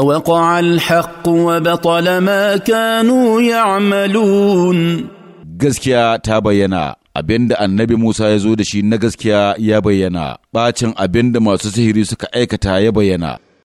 فوقع الحق وبطل ما كانوا يعملون gaskiya ta bayyana abin da annabi Musa ya zo da shi na gaskiya ya bayyana ɓacin abin da masu sihiri suka aikata ya bayyana